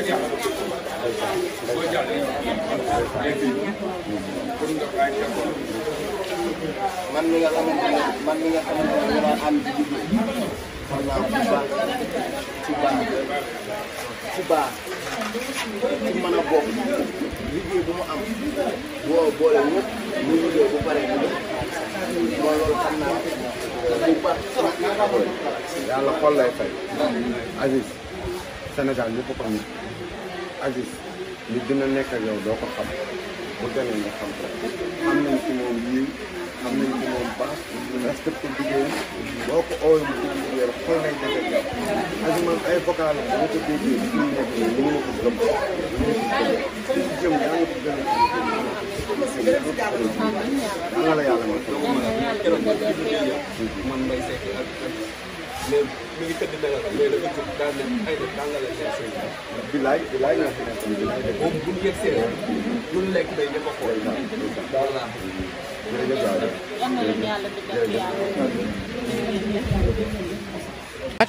man mi nga xamante ne man mi nga xamante ne dama am di liggéey xam naa bu baax ci baax ci baax ci mën a bokk liggéey bu mu am boo boole ñëpp ñu liggéey bu pare ñu def mooy loolu xam naa bu baax yàlla xol lay fay Aziz Sénégal ñëpp ko am Aziz nit dina nekk ak yow doo ko xam bu demee nga xam ko am nañ ci moom yiw am nañ ci moom baax respecté jigéen boo ko oowee mu dugg jigéen xool lay def ak yow Aziz man ay vocal la boo ko déggee fi mu nekk nii mënu ma ko gëm mënu ma ko gëm fi ci jëm yaa ngi ko gën a yaa ngi la yàlla man man Mbaye Seck ak mais mi ngi tëdd ne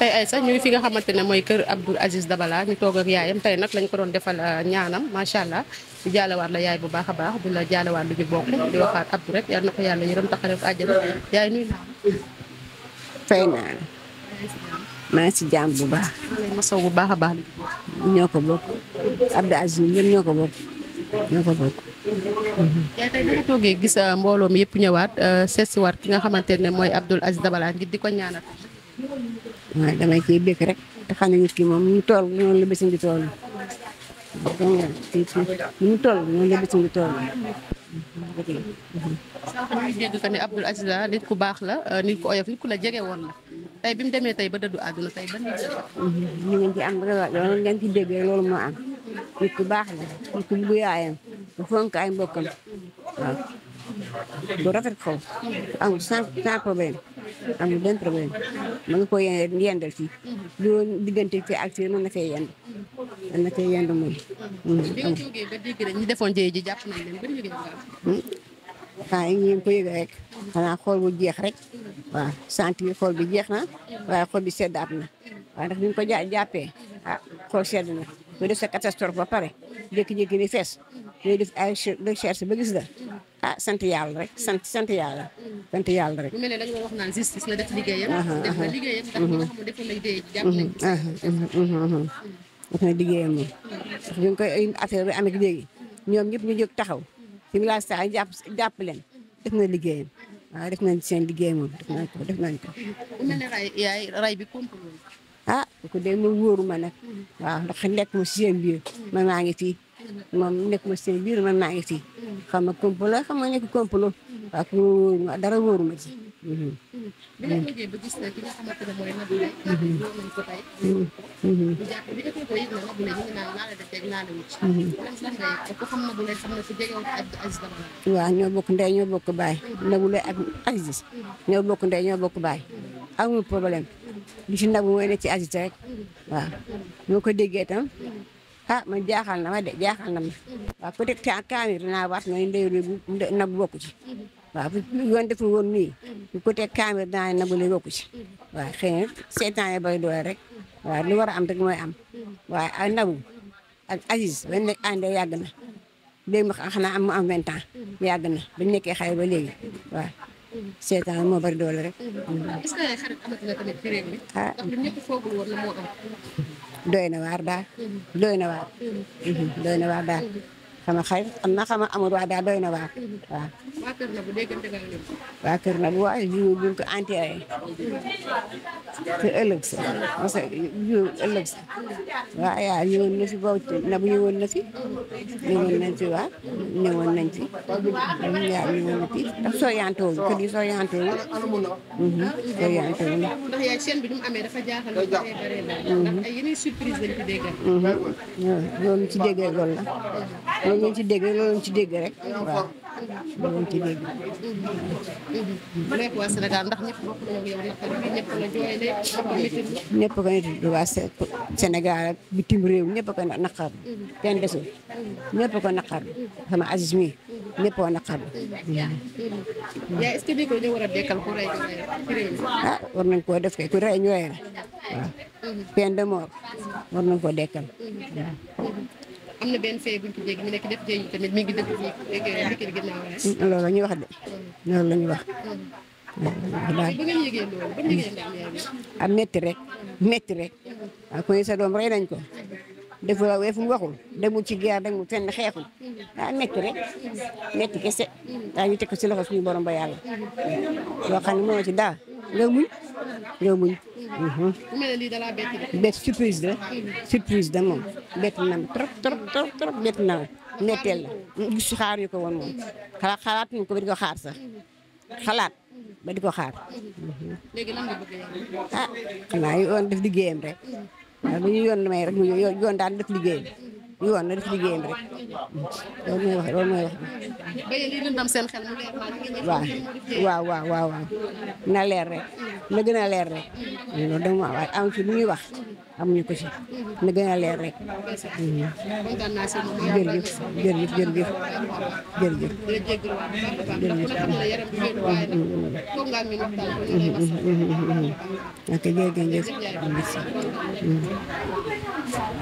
ay sax ñu fi nga xamante ne mooy kër Abdoul Aziz Dabala ñu toog ak yaayam tey nag lañ ko doon defal euh, ñaanam macha allah di jaalewaat la yaay bu baax a baax di la jaalewaat lu ñu bokk di waxaat Abdou rek yal na ko yàlla yërëm taxaare ko àjjana yaay nuyu naa fay naa maa ngi si jàmm bu baax. masaw bu baax a baax la. ñoo ko bokk Abdou Aziz ñoom ñoo ko bokk ñoo ko bokk. yaa tey gis euh, mbooloo mi yëpp ñëwaat euh, seet si xamante ne mooy Abdoul Aziz Dabala ngir di ko ñaanal. waaw damay ciy békk rek te xam ne nit ki moom ñu ngi toll. donc ñu toll noonu la bés ngi toll. sànq ñu ko ne nit ku baax la euh, nit ku oyof nit la jege woon la. tey bi mu demee tey ba dëddu àdduna tay ba nit ñu ngeen ci am loolu ngeen ci déggee loolu moo am nit ku baax la nit ku bu yaayam bu fonk ay mbokkam waaw bu rafet xol amul sans sans problème amul benn problème ma nga ko yendal fii loolu diggante fii ak fii mën na fee yend mën na fee yend moom bi ba dégg rek ñi defoon jëye ji jàpp nañ leen ban yëgee nga am waaw ko yëg rek xanaa xool bu jeex rek waaw sentir xool bi jeex na waaye xool bi seddaat na waaye ndax ñu ko ja jàppee ah xool sedd na booy def sa catastrophe ba pare jékki-jékki ni def ay recherche ba gis la ah, rek sant sant yàlla sant yàlla rek. mu mel ne da nga wax naan justice la def na liggéeyam ndax ñi nga ñu ngi koy affaire bi amee léegi ñoom ñëpp ñu jóg taxaw ci village saa jàpp jàpp leen def na liggéeyam. waaw ah, def nañ seen liggéey moom def nañ ko def nañ ko. bu mel ne ray yaay ray bi contrôlé. ah ku dee ma wóoru ma nag. waaw ndax nekk ma si seen biir. man maa ngi fii moom nekk ma si seen biir man maa ngi fii. xam nga complot xam nga nekk complot. waaw ku dara wóoru ma ci. Mm-hmm. Mm-hmm. bi nga ñoo bokk ndey ñoo bokk baay Nabou Leye ak Aziz mm-hmm. ñoo bokk ndey ñoo bokk baay amul problème li ci Nabou mooy ne ci Aziz rek waaw ñoo ko déggee tam ah man jaaxal na ma de jaaxal na ma waaw peut-être kaamir dinaa waat na Nabou bokk ci. waaw bu yoon woon nii bu ko teg caméra dinaa na bu lay wokku ci waaw xëy na seetaan bay doole rek waa li war a am rek mooy am waaye ak Nabou ak Aziz bañ nekk yàgg na léegi ma xanaa am mu am vingt ans yàgg na bañ nekkee xale ba léegi waaw seetaan moo bari doole rek. est ah. na waar daal. Mm-hmm. Mm-hmm. na waar daal. xama xay am na xama amul wax daal doy na waar waa waa kër na waaye jiw ko enterré te ëllëg sa parce que jiw ëllëg sa waaw na fi boobu na bu na fi ñëwoon nañ fi waaw ñëwoon nañ fi ndax soo yaantoo kër yi soo yaantoo mhm, soo yaantoo ndax yaa seen bi mhm. mhm. la loolu ñu ci dégg loolu ñu ci dégg rek waaw loolu ñu ci dégg. mu nekk waa Sénégal ndax ñëpp bokk nañu yow naqar bi ñëpp la jooylee ñëpp ko nit waa Sénégal ak bitim réew ñëpp ko naqar kenn desul ñëpp ko naqar sama Aziz mi ñëpp ko naqar yaa est-ce que déggoo ñu war a dekkal ku rey ku rey ah war nañ koo def kay ku rey ñu rey la waaw peine de mort war nañ koo dekkal waaw mm-hmm. am na benn fee buñ ci dégg ñu nekk def jéeg yi tamit mm, loolu la ñuy wax de. loolu la ñuy wax. Mm. bu ngeen yëgee ah, métti rek métti rek. waaw ah, ku ne sa doom rey nañ ko. defu la weefu mu waxul demul ci guerre demul fenn xeexul ah métti rek métti kese. daa mm. ah, ñu teg ko ci loxo suñu borom ba yàlla. loo xam ne moo réew muñ réew muñ bett surprise la surprise da moom bett na trop trop trop trop bett na netteel la gis xaar ñu ko woon moom xalaat xalaat ko ba di ko xaar sax xalaat ba di ko xaar léegi lan nga bëgg ah def liggéeyam rek waaw lu ñu yoon may rek mu yoon daan def liggéeyam yoon na def liggéeyam rek loolu mooy wax waaw waaw na leer rek na leer rek loolu wax amuñu ko ci na leer rek jërëjëf jërëjëf jërëjëf jërëjëf jërëjëf mm-hmm, mm-hmm, mm-hmm. ok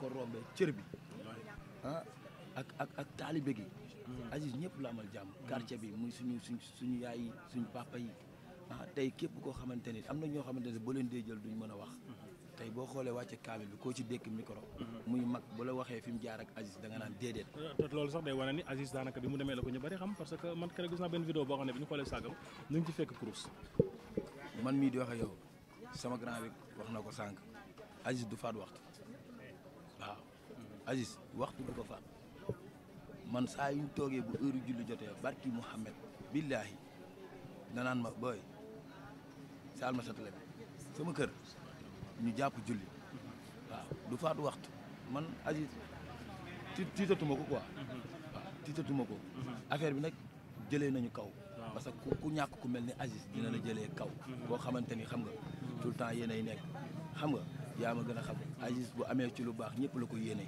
ko rombee cër bi ah ak ak ak taalibe gi Aziz ñëpp la amal jàmm quartier bi muy suñu suñu suñu yaay yi suñu papa yi ah tey képp koo xamante ni am na ñoo xamante ne boo leen dee jël duñ mën a wax tey boo xoolee wàcce kaamil bi koo ci dékk micro muy mag bu la waxee fi mu jaar ak Aziz da nga naan déedéet loolu sax day wane ni Aziz daanaka bi mu demee la ko ñu bari xam parce que man keroog gis naa benn vidéo boo xam ne bi ñu xoolee sàggam ñu ci fekk kurus man mii di wax sama grand bi wax na ko sànq Aziz du faat waxtu Aziz waxtu du ko fa man saa yu toogee bu heure julli jotee barki Mouhamed billaahi danaan ma booy saal ma satale sama kër ñu jàpp julli waaw du faatu waxtu man Aziz ti tiitatuma ko quoi waaw ko affaire bi nag jëlee nañu kaw parce ku ñàkk ku mel ni Aziz dina la jëlee kaw koo xamante ni xam nga tout le temps yéen ay nekk xam nga yaa ma gën a xam Aziz bu amee ci lu baax ñëpp la ko yéene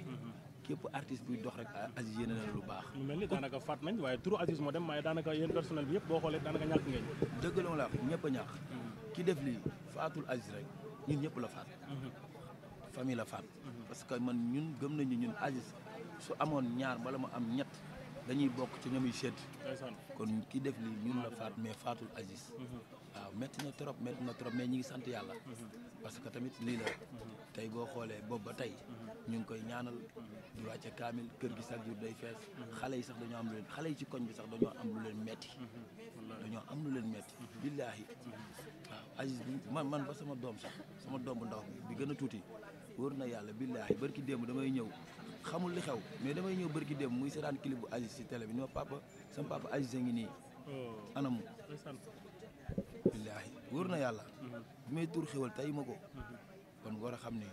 képp artiste buy dox rek Aziz yéene na lu baax. mu mel ni daanaka faat nañ waaye turu Aziz moo dem waaye daanaka yéen personnel bi yëpp boo xoolee daanaka ñàkk ngeen. dëgg la la ñëpp a ñàkk. ki def lii faatul Aziz rek ñun ñëpp la faat. Mhm. famille la faat. parce que man ñun gëm nañu ñun Aziz su amoon ñaar wala mu am ñett dañuy bokk ci ñoom sedd. kon ki def lii ñun la faat mais faatul Aziz. Mhm. waaw métti na trop métti na trop mais ñi ngi sant yàlla. Mhm. parce ñu wàcce kaamil kër gi chaque jour day fees xale yi sax dañoo am lu leen xale yi ci koñ bi sax dañoo am lu leen metti dañoo am lu leen metti billaahi waaw Aziz bi man man ba sama doom sax sama doom bu ndaw bi gën a tuuti wóor na yàlla billaahi bërki démb damay ñëw xamul li xew mais damay ñëw bërki démb muy seetaan clip bu Aziz ci tele bi ni ma papa sama papa Aziz a ngi nii oh. anam billaahi wóor na yàlla mm-hmm. bi may tuur xewal tey ma ko mm-hmm. kon war a xam ne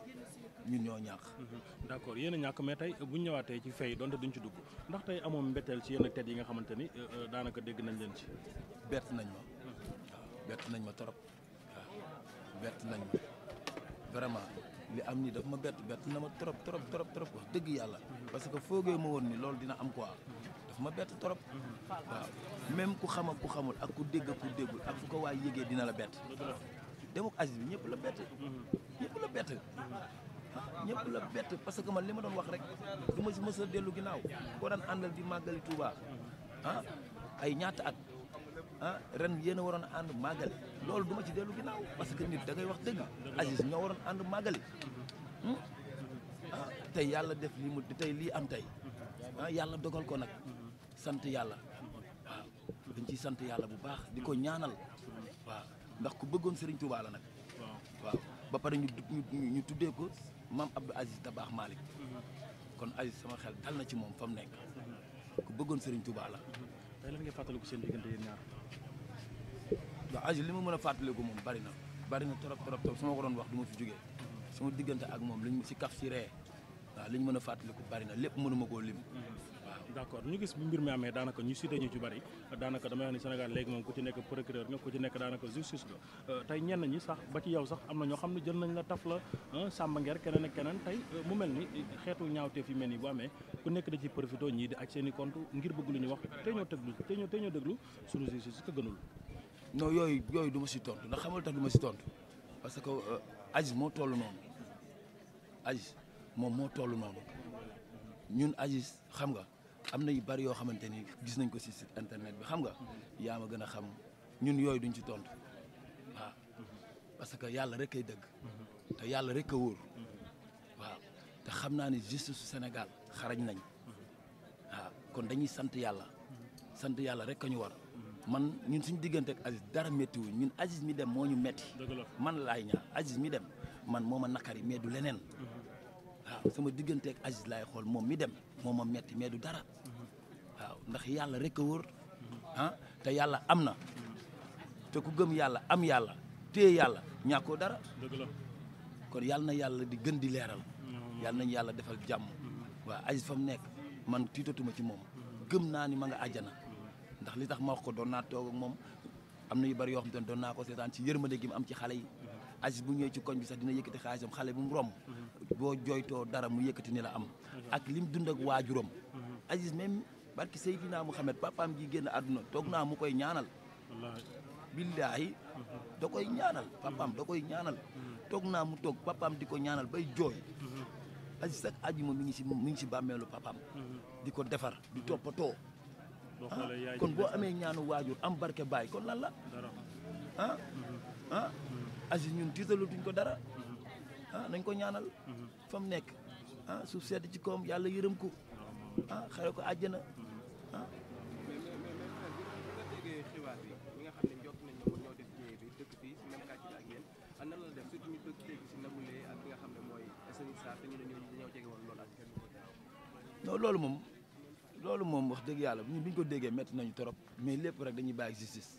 ñu ñoo ñàkk. Mhm. d' accord yéen ñàkk mais tey bu ñu ñëwaatee ci fay donte duñ ci dugg ndax tey amoon mbetteel ci yenn tet yi nga xamante ni euh, euh, daanaka dégg nañ leen ci. bett nañ ma. Mhm. bett nañ ma trop waaw bett nañ ma vraiment li am ni daf ma bett bett na ma trop trop trop trop wax dëgg yàlla. Mhm. parce que foogee ma woon ni loolu dina am quoi. daf ma bett trop. waaw même ku xam ak ku xamul ak ku dégg ak ku déggul ak fu ko waay yëgee dina la bett. dëgg la bi ñëpp la bett. ñëpp la bett. ñëpp la bett parce que man li ma doon wax rek du ma si mës dellu ginnaaw koo daan àndal di màggali Touba ah ay ñaata at ah ren yéen a waroon ànd màggali loolu duma ci dellu ginnaaw parce que nit da ngay wax dëgg Aziz ñoo waroon ànd màggali hmm? ah, te yàlla def lii mu tey lii am tey ah, yàlla dogal ko nag sant yàlla waaw dañ ciy sant yàlla bu baax di ko ñaanal waaw ndax ku bëggoon Serigne Touba la nag waaw ba pare ñu tuddee ko maam Abdou Aziz tabaax Malick kon Aziz sama xel dal na ci moom fa mu nekk ku bëggoon Serigne Touba la. tey lan seen diggante yéen ñaar. waaw li ma mën a fàttaliku moom bari na bari na trop trop trop ma ko wax du ma fi jógee sama diggante ak moom liñ ma si kaf si ree waaw liñ mën a fàttaliku bari na lépp mënuma koo lim. d' accord ñu gis bi mbir mi amee daanaka ñu cité ñu ci bëri daanaka damay wax ni Sénégal léegi moom ku ci nekk procureur nga ku ci nekk daanaka justice la euh, tey ñenn ñi sax ba ci yow sax am na ñoo xam ne jël nañ la taf la Samba keneen keneen tey euh, mu mel ni xeetu ñaawteef yi mel ni bu amee ku nekk da ci profité ñii di ak seen i compte ngir bëgg lu ñu wax tey ñoo tëglu tey ñoo tey ñoo déglu suñu justice ko gënul non yooyu yooyu du ma si tontu ndax xamal tax du ma si tontu parce que euh, Aziz moo toll noonu Aziz moom moo toll noonu ñun am na yu bari yoo xamante ni gis nañ ko ci site internet bi xam nga yaa ma gën a xam ñun yooyu duñ ci tontu waaw parce que yàlla rek ay dëgg te yàlla rek a wóor waaw te xam naa ni justice su Sénégal xarañ nañ waaw kon dañuy sant yàlla sant yàlla rek a ñu war man ñun suñ diggante ak Aziz dara méttiwuñ ñun Aziz mi dem moo ñu metti man laay ñaar Aziz mi dem man moo ma naqari mais du leneen waaw sama digganteek ak laay xool moom mi dem moo ma metti mais du dara waaw ndax yàlla rek a wóor ah te yàlla am na te ku gëm yàlla am yàlla téye yàlla ñàkkoo dara dëgg kon yàlla na yàlla di gën di leeral yàlla nañu yàlla defal jàmm waa Aziz fa mu nekk man tiitatuma ci moom gëm naa ni ma nga àjjana ndax li tax ma wax ko doon naa toog moom am na yu bari yoo xam te ne doon naa ko seetaan ci yërmande gi mu am ci xale yi Aziz bu ñëwee ci koñ bi sax dina yëkkati xaalisam xale bu mu romb boo jooytoo dara mu yëkkati ni la am ak lim dund ak waajuram Aziz même barki Seydina Mouhamed papam ji génn àdduna toog naa mu koy ñaanal billaahi da koy ñaanal papaam da koy ñaanal toog naa mu toog papaam di ko ñaanal bay jooy Aziz ak ajuma mi ngi si mi ngi si bàmmeelu papaam di ko defar di toppatoo ah, kon boo amee ñaanu waajur am barke baay kon lan la ah ah Aziz ñun tiitalutuñ ko dara ah ko ñaanal. fa mu nekk ah suuf ci koom yàlla yërëm ko ah ko àjjana bi ñi nga xam ne njort nañ ne ñoo def jéey bi dëkk fii si def si Naboulaye ak nga xam ne mooy SNU Sarr ñu ne ñooñu dañoo jege loolu ak kenn non loolu moom loolu moom wax dëgg yàlla ñun bi ñu ko déggee metti nañu trop mais lépp rek dañuy bàyyi justice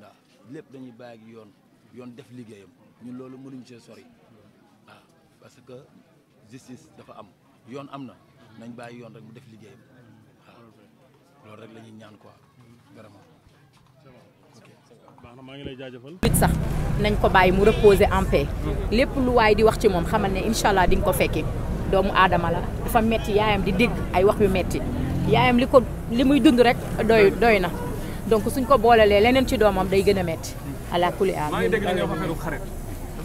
waaw lépp dañuy bàyyi yoon yoon def liggéeyam. ñun loolu mënuñ see sori parce que justice dafa am yoon am na nañ bàyyi yoon rek mu def liggéeyam waaw loolu rek la ñuy ñaan quoi vraiment. baax na maa ngi lay jaajëfal. sax nañ ko bàyyi mu reposer en paix. lépp lu waay di wax ci moom xamal ne incha allah di nga ko fekkee doomu aadama la dafa metti yaayam di dégg ay wax yu metti yaayam li ko li muy dund rek doy doy na donc suñ ko booleelee leneen ci doomam day gën a metti. allah kulli aal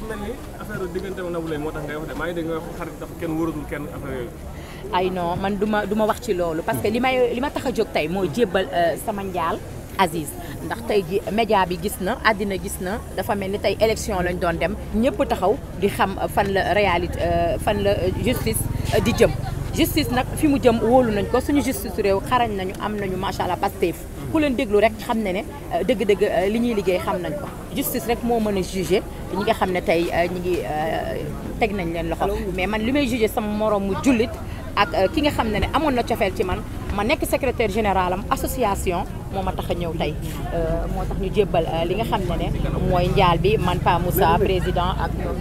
mel ni affaire diggante Nabou Leye moo tax ngay wax de maa ngi dégg nga wax xarit dafa kenn wóoratul kenn affaire yooyu. ay non man du ma du ma wax ci loolu. parce que li may li ma tax a jóg tey moo jébbal euh, sama njaal Aziz ndax tey ji média bi gis na àddina gis na dafa mel ni tey élection lañ doon dem ñëpp taxaw di xam fan la réalité euh, fan la euh, justice di jëm justice nag fi mu jëm woolu nañ ko suñu justice réew xarañ nañu am nañu macha allah Pastef ku leen déglu rek xam ne ne dëgg-dëgg li ñuy liggéey xam nañ ko justice rek moo mën a juger ñi nga xam ne tey euh, ñi ngi euh, teg nañ leen loxo mais man li may jugé sama morom mu jullit ak euh, ki nga xam ne ne amoon na cofeel ci man ma nekk secretaire général am association moo ma tax a ñëw tey euh, moo tax ñu jébbal euh, li nga xam ne ne mooy njaal bi man Pa Moussa président ak ñoom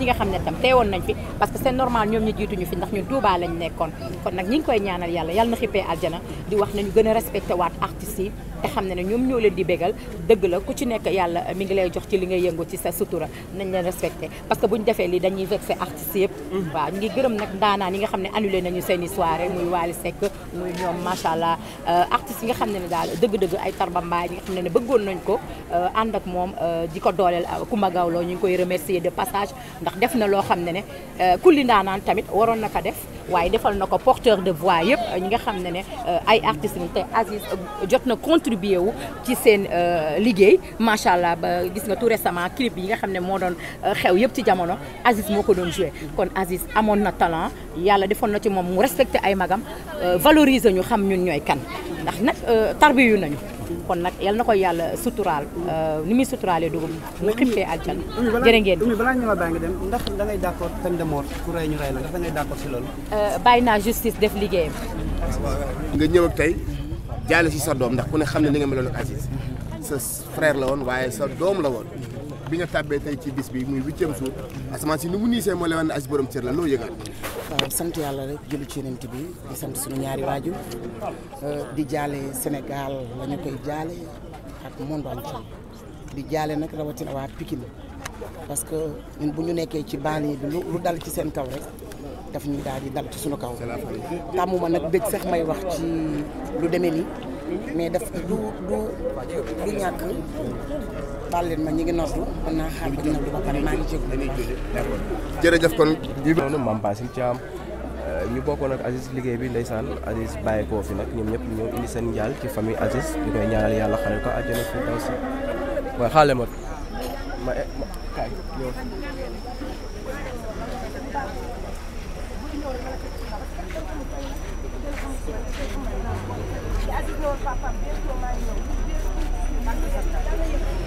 ñi nga xam ne tam teewoon nañ fi parce que c'est normal ñoom ñu jiituñu fi ndax ñun Touba lañ nekkoon kon nag ñi ngi koy ñaanal yàlla yàlla na xippee aljana di wax nañu gën a respecté waat artistes yi te xam ne ne ñoom ñoo leen di bégal dëgg la ku ci nekk yàlla mu ngi lay jox ci li ngay yëngu ci sa sutura nañ leen respecté parce que bu ñu defee lii dañuy vexé artistes mm. i soirée muy Wally Seck muy ñoom Fall dëgg-dëgg ay Tarba Mbaye ñi nga xam ne ne bëggoon nañ ko euh, ànd ak moom euh, di ko dooleel euh, Coumba Gawlo ñu ngi koy remercier de passage ndax def na loo xam ne ne kulli ndaanaan tamit waroon na ko def waaye defal na ko porteur de voix yëpp ñi nga xam ne ne ay artistes yi te Aziz jot na contribuer wu ci seen liggéey macha allah ba gis nga tout récemment clip yi nga xam ne moo doon xew yëpp ci jamono Aziz moo ko doon joué kon Aziz amoon na talent yàlla defoon na ci moom mu respecté ay magam valoriser ñu xam ñun ñooy kan tarbiyu nañu kon nag yal na koy yàlla suturaal euh, ni muy suturaalee dugub mu xippee aljana jërë ngeen umi balaa ñu la bàyyi nga dem ndax da ngay d'accord peine de mort ku ñu rey la ndax da ngay d'accord si loolu euh, bàyyi naa justice def liggéeyam nga ñëw tey jaale si sa doom ndax ku ne xam ne ni nga meloon ak Aziz sa frère la woon waaye sa doom la woon bi nga tàbbee tey ci bis bi muy huitième jour asamaan si ni mu niisee moo lay wan ne Aziz borom la loo yëgal. waaw sant yàlla rek jëlu ci yonent bi di sant suñu ñaari waajur euh, di jaale Sénégal lañu ñu koy jaale ak monde entier di jaale nag rawatina waa Pikine parce que ñun bu ñu nekkee ci banlieue bi lu dal ci seen kaw rek daf ñuy daal di dal suñu kaw tàmmuma nag sax may wax ci lu demee nii. mais daf du du du ñàkk baal ma ñu ngi noos la mën naa xaar bañ na du ba pare ngi jéglu jërëjëf kon noonu Mame Bassim Thiam euh, ñu bokkoon ak Aziz liggéey bi ndeysaan Aziz bàyyi koo fi nag ñoom ñëpp ñoo indi seen njaal ci famille Aziz ñu koy ñaanal yàlla xaral ko àjjana fi daw ma ma kaay ñëw Aziz ne va pas bientôt, Mario.